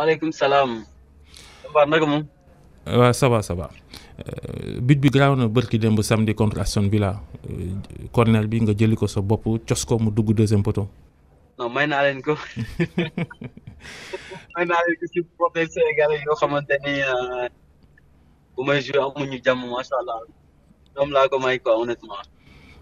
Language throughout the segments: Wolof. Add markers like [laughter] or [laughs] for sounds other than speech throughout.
waaleykum salaam. waaw naka euh, bi garaaw na bërki démb samedi contre Aston Villa euh, corner bi nga jëli ko sa bopp cos ko mu dugg deuxième poteau. non may naa leen ko [laughs] may naa leen ko ci boppé Sénégal yoo xamante euh, bu may joué amuñu jàmm macha allah ñoom laa ko may ko honnêtement.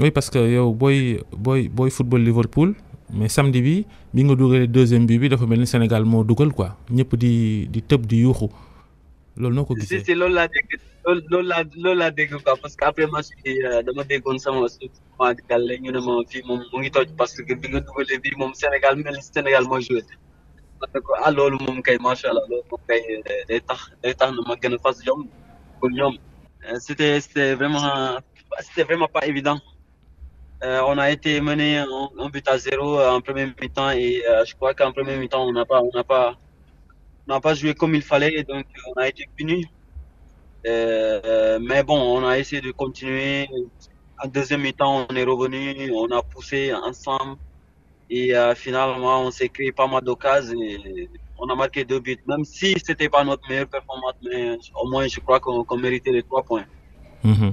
oui parce que yow booy booy booy football Liverpool. mais samedi bi bi nga dugalee deuxième bi bi dafa mel Sénégal mo dougal quoi ñepp di di teub di yuxu lool noko ko c'est lool la dégg lool la lool la dégg quoi parce que après match bi euh, dama déggoon sama sama galé ñu ne fi mom moom mu ngi toj parce que bi nga dougalé bi mom Sénégal mel Sénégal mo joué. parce que ah lool mom kay macha allah loolu moom kay euh, day tax day tax na ma gën a fas jom pour ñom euh, c'était c'était vraiment c'était vraiment pas évident. Euh, on a été mené un, but à zéro euh, en premier mi-temps et euh, je crois qu'en premier mi-temps, on n'a pas, pas, pas joué comme il fallait, donc on a été puni. mais bon, on a essayé de continuer. En deuxième mi-temps, on est revenu, on a poussé ensemble. Et finalement, on s'est créé pas mal d'occasions et on a marqué deux buts. Même si ce n'était pas notre meilleure performance, mais au moins, je crois qu'on méritait les trois points. Mhm.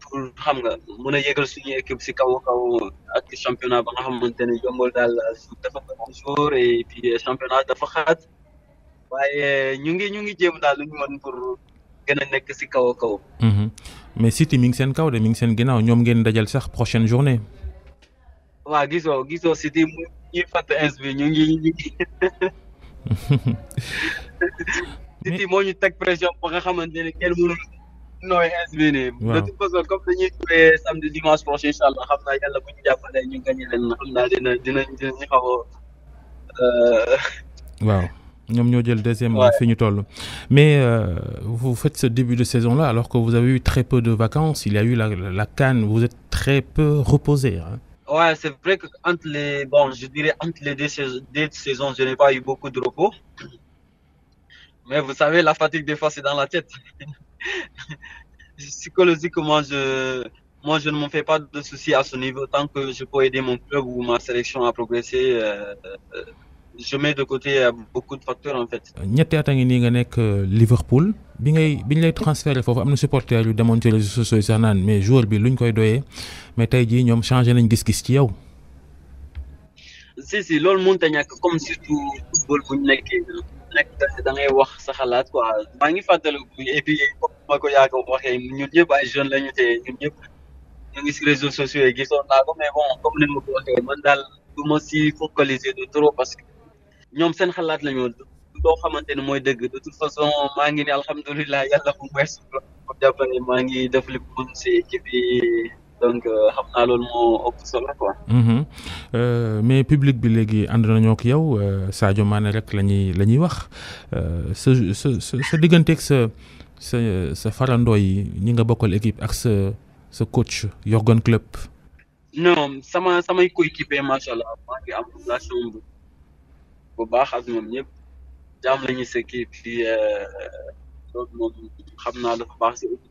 pour xam nga mën a yëgal suñu équipe si kaw kaw ak championnat ba nga xamante ne yombul daal dafa bëri jour puis championnat dafa xaat waaye ñu ngi ñu ngi jéem daal lu ñu mën pour gën a nekk si kaw kaw. Mhm. mais City mi ngi seen kaw de mi ngi seen ginnaaw ñoom ngeen dajal sax prochaine journée. waaw gisoo gisoo City mu bi ñu ngi ñu ngi. [laughs] City teg pression ba nga xamante ne kenn mënul. non il has been Donc de toute façon comme dañuy jouer samedi dimanche prochain Inch'Allah, allah a naa yàlla bu ñu jàppalee nous gagné leen xam naa dina dina euh, waaw deuxième. waaw ñu mais euh, vous faites ce début de saison là alors que vous avez eu très peu de vacances il y a eu la canne. vous êtes très peu reposé. Hein. Ouais, c'est vrai que entre les bon, je dirais entre les deux deux saisons je n'ai pas eu beaucoup de repos. Mais vous savez, la fatigue des fois c'est dans la tête. [laughs] psychologiquement, je, moi, je ne m'en fais pas de soucis à ce niveau. Tant que je peux aider mon club ou ma sélection à progresser, euh, euh je mets de côté euh, beaucoup de facteurs en fait. ñetti at a ngi nga nekk euh, Liverpool bi ngay bi ñu lay transféré foofu am na supporter yu demoon réseaux sociaux yi sax naan mais joueur bi luñ koy doyee mais tey jii ñoom changé nañ gis-gis ci yow. si si loolu mënut a ñàkk comme surtout football bu ñu nekk da ngay wax sa xalaat quoi maa ngi fàttaliku et puis ma ko yaaka waxee ñun ñëpp ay jeunes lañu te ñun ñëpp ñu ngi si réseaux sociaux yi gisoon naa ko mais bon comme ni ma ko man daal du ma si focaliser de trop parce que ñoom seen xalaat lañu ñu loo xamante ne mooy dëgg de toute façon maa ngi ni alhamdulilah yàlla bu mu weesu loolu maa ngi def li mu mën si équipe donc euh, xam naa loolu moo ëpp solo quoi. Mhm. Euh, mais public bi léegi ànd nañoo ak yow euh, Sadio Mané rek la ñuy la ñuy wax sa sa sa digganteeg sa sa sa farandoo yi ñi nga bokkal équipe ak sa sa coach Jürgen Klopp. non sama samay coéquipier macha allah maa ngi am relation bu bu baax ak ñoom ñëpp jàmm la ñu sekk xam naa dafa baax si équipe.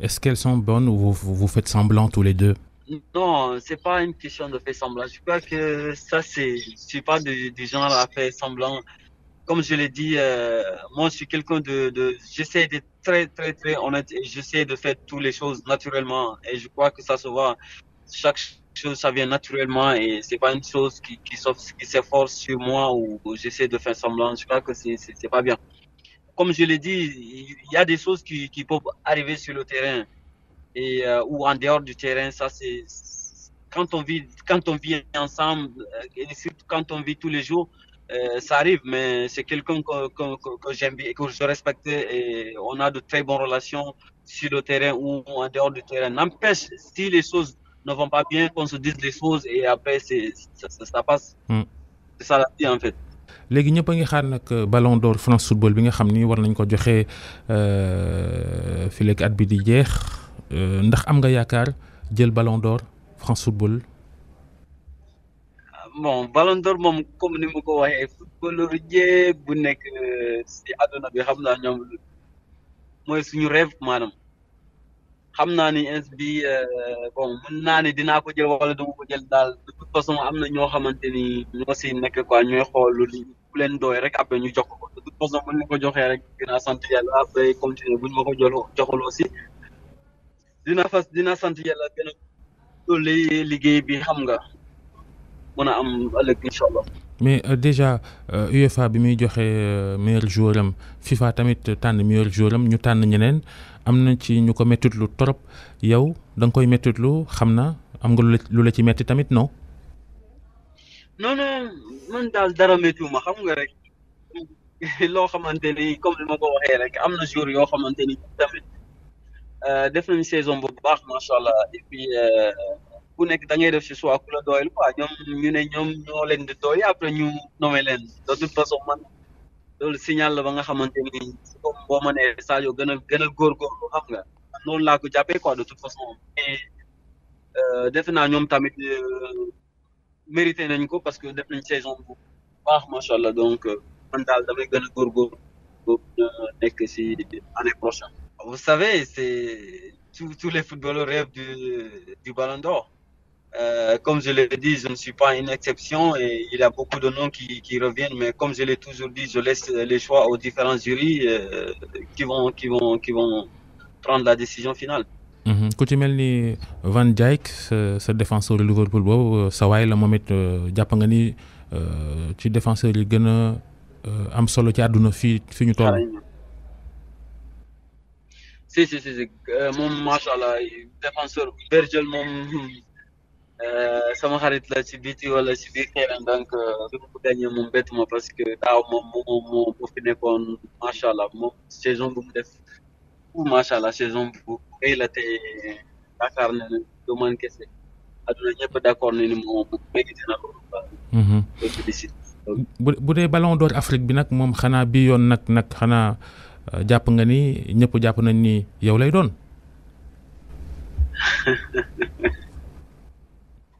Est-ce qu'elles sont bonnes ou vous, vous faites semblant tous les deux non, c'est pas une question de faire semblant. Je crois que ça, c'est, suis pas du, genre à faire semblant. Comme je l'ai dit, euh, moi, je suis quelqu'un de, j'essaie d'être très, très, très honnête et j'essaie de faire toutes les choses naturellement. Et je crois que ça se voit. Chaque chose, ça vient naturellement et c'est pas une chose qui, qui, s'efforce sur moi ou, j'essaie de faire semblant. Je crois que ce n'est c'est pas bien comme je l'ai dit, il y a des choses qui, peuvent arriver sur le terrain et euh, ou en dehors du terrain. Ça, c'est quand on vit, quand on vit ensemble, euh, et surtout quand on vit tous les jours, euh, ça arrive. Mais c'est quelqu'un que, que, que, j'aime et que je respecte et on a de très bonnes relations sur le terrain ou en dehors du terrain. N'empêche, si les choses ne vont pas bien, qu'on se dise les choses et après, ça, ça, passe. Hmm. C'est ça la vie en fait. léegi ñëpp ngi xaar nag euh, ballon d'or France football bi nga xam ni war nañ ko joxe euh, fii at bi di jeex euh, ndax am nga yaakaar jël ballon d'or France football. Ah, bon ballon d'or moom comme ni ma ko waxee ay footballeur bu nekk si àdduna bi xam naa ñoom mooy suñu rêve maanaam. xam naa ni ins bi euh, bon mën naa ni dinaa ko jël wala dama ko daal de toute façon am na ñoo xamante ni ñoo si nekk quoi ñooy xool lu leen dooy rek après ñu jox ko de toute façon buñ ma ko joxee rek dinaa sant yàlla après continuer buñ ma ko joxul aussi dina fas dina sant yàlla gën liggéey bi xam nga mën a am ëllëg incha allah mais euh, déjà UEFA bi muy joxe meilleur joueur am FIFA tamit tan meilleur joueur ñu tànn ñeneen am ci ñu ko mettitlu trop yow da koy mettitlu xam am nga lu la ci metti tamit non. non non man daal dara méttiwuma xam nga rek loo xamante comme ni ko waxee rek am jour yoo xamante ni tamit def nañ saison bu baax macha et puis. ku nekk da ngay def si choix ku la doyal quoi ñoom ñu ne ñoom ñoo leen di doy après ñu nommé leen de toute façon man loolu signal la ba nga xamante ni comme boo ma nee Sadio gën a gën a góorgóorlu xam nga noonu laa ko jàppee quoi de toute façon mais euh, defe naa ñoom tamit euh, mérité nañ ko parce que def nañ saison bu baax macha allah donc euh, man daal damay gën a góorgóorlu nekk si année prochaine. vous savez c'est tous tous les footballeurs rêvent du du Ballon d'Or. Euh, comme je l'ai dit, je ne suis pas une exception et il y a beaucoup de noms qui, qui reviennent, mais comme je l'ai toujours dit, je laisse les choix aux différents jurys euh, qui, vont, qui, vont, qui vont prendre la décision finale. Mhm. ku ci Van Dijk ce défenseur défenseur Liverpool boobu euh, sa la moom it ci défenseur yi a am solo ci àdduna fi ñu toll. si si si moom macha allah défenseur Virgil moom. Euh, sama xarit la si biti wala ci biir terrain donc bi euh, mu gagné moom bett parce que daaw moom moo moo fi nekkoon macha allah moom saison bu mu def macha allah saison bu rëy la te yaakaar ne du man kese àdduna ñëpp d' ni ni moom na ko. Mhm. bu bu dee ballon d'or Afrique bi nag moom xanaa bii yoon nag nag xanaa euh, jàpp nga ni ñëpp jàpp nañ nii yow lay doon. [laughs]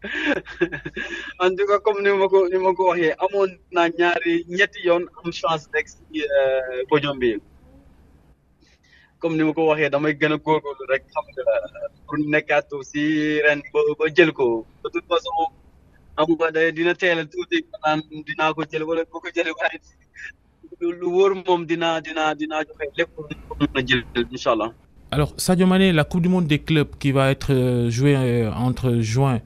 [laughs] en tout cas comme ni ma ko ni ma ko waxee amoon naa ñaari ñetti yoon am chance d'ex si euh, podium bi comme ni ma ko waxee damay gën a rek xam nga pour nekkaat si ren ba ba jël ko de toute façon am ba day dina teel a tuuti naan dinaa ko jël wala ko ko jël waaye lu wor mom dina dina dina joxe lépp mën jël inshallah Alors, Sadio Mané, la Coupe du Monde des clubs qui va être euh, jouée euh, entre juin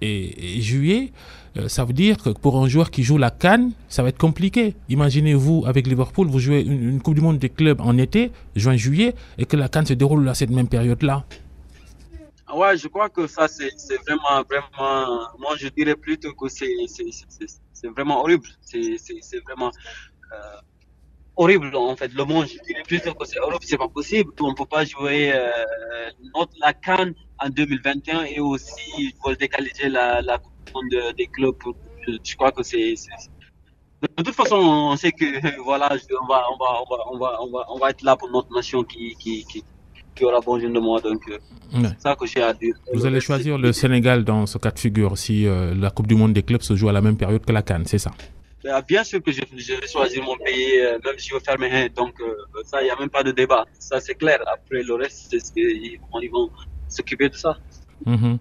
et, juillet, euh, ça veut dire que pour un joueur qui joue la Cannes, ça va être compliqué. Imaginez-vous, avec Liverpool, vous jouez une, Coupe du Monde des clubs en été, juin-juillet, et que la Cannes se déroule à cette même période-là. Ah ouais, je crois que ça, c'est vraiment, vraiment. Moi, je dirais plutôt que c'est vraiment horrible. C'est vraiment. Euh, horrible en fait. Le monde, plus que c'est horrible, c'est pas possible. On ne peut pas jouer euh, notre, la Cannes en 2021 et aussi pour décaler la, du Monde des clubs. Je, crois que c'est. De toute façon, on sait que [laughs] voilà, on va, on va, on va, on va, on va être là pour notre nation qui, qui, qui, qui aura bon de moi. Donc, euh, ça que j'ai à dire. Vous allez choisir le Sénégal dans ce cas de figure si euh, la Coupe du Monde des clubs se joue à la même période que la Cannes, c'est ça? Euh, bien sûr que je, vais choisir mon pays, euh, même si je faire mes Donc, euh, ça, il n'y a même pas de débat. Ça, c'est clair. Après, le reste, c'est ce qu'ils vont s'occuper de ça. Mhm.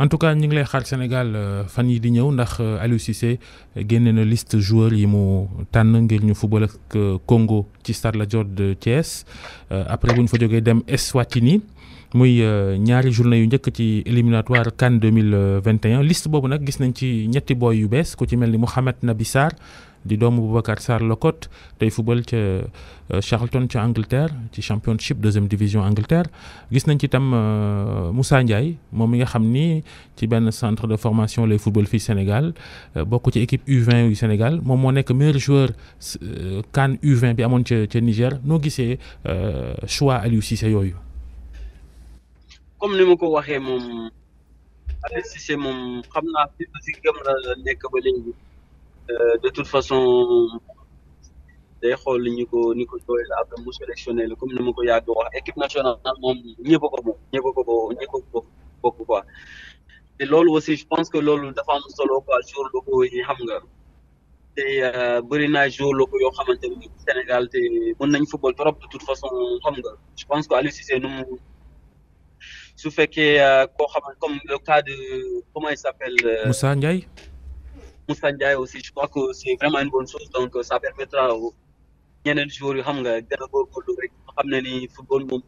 en tout cas nous sommes lay xaar Sénégal fan yi di ñëw ndax Aliou Cissé une liste joueurs qui sont été ngir ñu football au Congo ci Stade la Jord de Thiès après nous avons fa jógee dem Eswatini muy euh, ñaari journée yu njëkk ci éliminatoire CAN 2021 liste boobu nag gis nañ ci ñetti boy yu bees ku ci mel ni mohamed Nabi di doomu Boubacar sar Locotte tey football ca euh, Charlton de Angleterre ci championship deuxième division Angleterre gis nañ ci tam euh, Moussa Ndiaye moom nga xam ni ci benn centre de formation lay football fii Sénégal bokk ci équipe U20 du Sénégal moom moo nekk meilleur joueur CAN U20 bi amoon ca ca Niger noo gisee choix Aliou Cissé yooyu comme ni ma ko waxee moom Aliou c'est mom xamna naa fi si gëm la nekk ba euh de toute façon day xol ni ko ni ko doole après mu sélectionné la comme ni ma ko yàgg wax équipe nationale mom ñëpp a ko bo ñëpp ko boo ñëpp a ko bokk quoi te lolu aussi je pense que lolu dafa am solo quoi jour locaux yi xam nga té euh, bëri naa jour locaux yoo xamante ni Sénégal té mën nañ football trop de toute façon xam nga je pense que Aliou Cissé nous su fekkee koo xamal comme le cas de comment il s'appelle euh, Moussa Ndiaye Moussa Ndiaye aussi je crois que c'est vraiment une bonne chose donc euh, ça permettra au ñeneen joueur yu xam nga gën a góorgóorlu rek xam ne ni football moom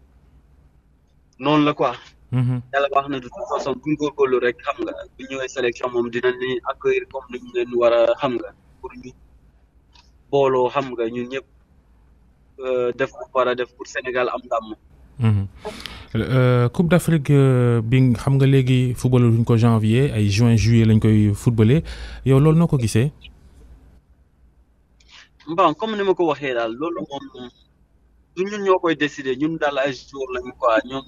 noonu la quoi mm-hmm. yàlla baax na de toute façon buñ góorgóorlu rek xam nga bu ñëwee sélection moom dinañ ni accueillir comme ni ñu leen war a xam nga pour ñu booloo xam nga ñun ñëpp euh, def ko war a def pour Sénégal am ndam mm-hmm. Euh, coupe d'Afrique euh, bi nga xam nga léegi football duñ ko janvier ay juin juillet lañ koy footballé yow loolu noko gissé bon comme ni ma ko waxé dal loolu moom du ñun ñoo koy décider ñun dal ay jour lañ quoi ñoom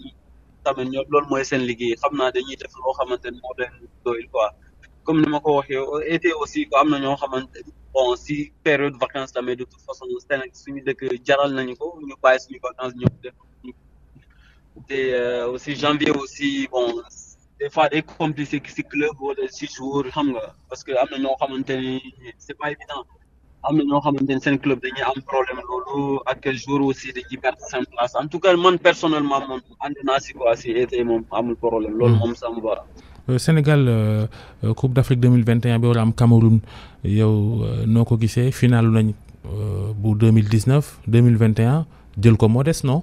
tamen ñoom loolu mooy seen liggéey xam dañuy def lo xamante mo moo quoi comme ni ma ko waxé été aussi ko amna ñoo xamante bon si période vacances tamit de toute façon Sénégal suñu dëkk jaral nañ ko ñu bàyyi suñu vacances ñëw def. Et, euh, aussi janvier aussi bon des fois des compliqué si club wala si six jours parce que amener na ñoo c'est pas évident amener na ñoo c'est un club dañuy un problème lolo à quel jour aussi qui perdre seen place en tout cas moi personnellement moom ànd naa si quoi si été e moom amul problème lolo moom ça me va. Euh, Sénégal euh, euh, Coupe d'Afrique 2021 bi war Cameroun yow noo ko gisee final finale bu 2019 2021 jël ko non.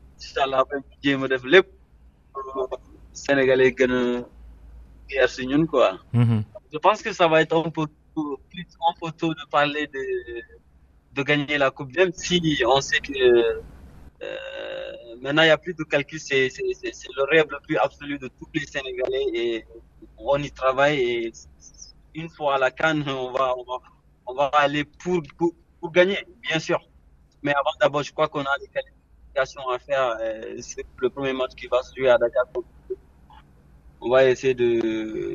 Sénégalais mhm. je pense que ça va être un peu tôt de parler de de gagner la coupe même si on sait que euh, maintenant il n'y a plus de calcul c'est c'est c'est le rêve le plus absolu de tous les Sénégalais et on y travaille et une fois à la Cannes on va on va aller pour pour gagner bien sûr mais avant d'abord je crois qu'on a les qualités c'est à faire euh, c'est le premier match qui va se jouer à Dakar. On va essayer de,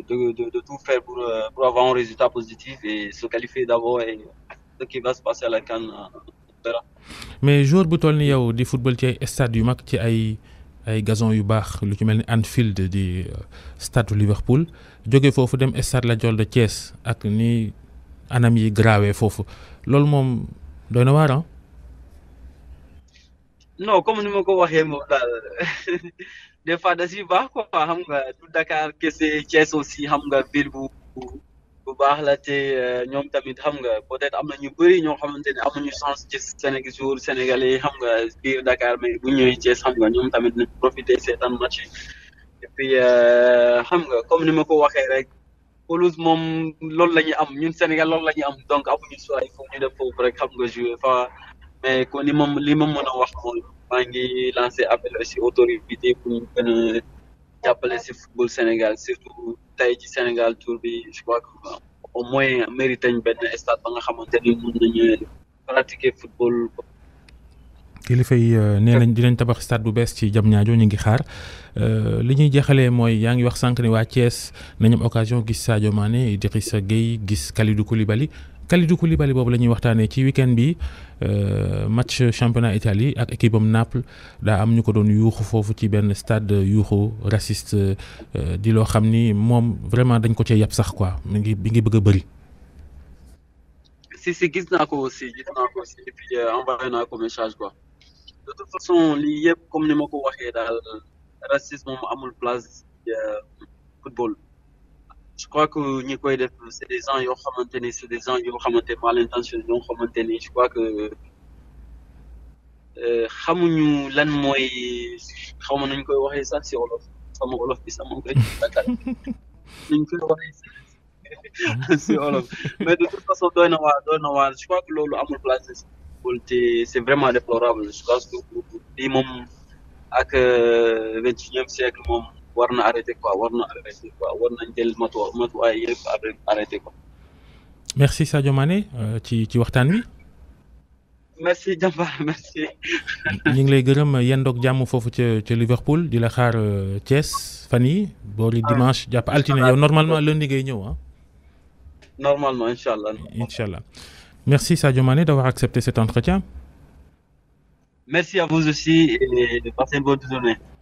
de, de, tout faire euh, pour, avoir un résultat positif et se qualifier d'abord et ce qui va se passer à la euh, mais jour bu toll du football ci stade du match ci ay ay gazon yu bax lu ci melni Anfield di stade Liverpool jóge fofu dem stade la jol de Thiès ak ni anam yi grawé fofu loolu mom doyna war hein non comme ni ma ko waxee moom daal des fois si siy baax quoi xam nga du Dakar kese Thiès aussi xam nga biir bu bu baax la te ñoom tamit xam nga peut-être am na ñu bëri ñoo xamante ne amuñu chance ci Sénégal jour sénégalais yi xam nga biir Dakar mais bu ñëwee Thiès xam nga ñoom tamit nañ profité seetaan match yi et puis xam nga comme ni ma ko waxee rek pelouse moom loolu la ñu am ñun Sénégal loolu la ñu am donc amuñu choix il faut ñu def foofu rek xam nga jouer fa. mais eh, kon li ma li ma mën a wax mooy maa ngi lancé appel aussi autorité pour ñu gën a jàppale si football Sénégal surtout tey ci Sénégal tour bi je crois que au moins mérité ñu benn stade ba nga xamante ni mun nañu pratiquer football kilifa yi eh, nee nañ dinañ tabax stade bu bees ci jam ñaajo ñu ngi xaar eh, li ñuy jeexalee mooy yaa ngi wax sànq ne waa Thiès nañu am occasion gis Sadio Mané Idrissa Gueye gis Kalidou Koulibaly Kalidou Koulibaly bobu la ñuy waxtaanee ci weekend bi euh, match championnat Italie ak équipe am Naples da am ñuko ko doon yuuxu foofu ci ben stade yuxu raciste euh, di lo xamni mom vraiment dañ ko cee yab sax quoi mi ngi bi ngi bëgg bari si si gis naa ko aussi gis naa ko aussi et puis euh, envoyé naa ko message quoi de toute façon li yeb comme ni mako ko dal racisme mo amul place football je crois que ñi koy def c'est des gens yoo xamante ne c'est des gens yoo xamante mal intention ñoo xamante ne je crois que euh, xamuñu lan mooy xaw ma nuñ koy waxee sax si olof sama olof bi sama koy dakar nuñ koy waxee si olof mais de toute façon doy na waar doy na waar je crois que loolu amul place si football te c'est vraiment déplorable je pense que lii moom ak euh, vingt e siècle moom war na arrêté quoi war na arrêté quoi war nañ jël matuwa ay yëpp arrêté quoi. merci Sadio Mané euh, ci ci waxtaan wi. merci Jamba [laughs] merci. ñu ngi lay gërëm yendoog jàmm foofu ca ca Liverpool di la xaar euh, Thiès fan yi boori ah. dimanche jàpp altine yow normalement lundi ngay ñëw ah. normalement incha allah. incha allah merci Sadio Mané d'avoir accepté cet entretien. merci à vous aussi et passez une bonne journée.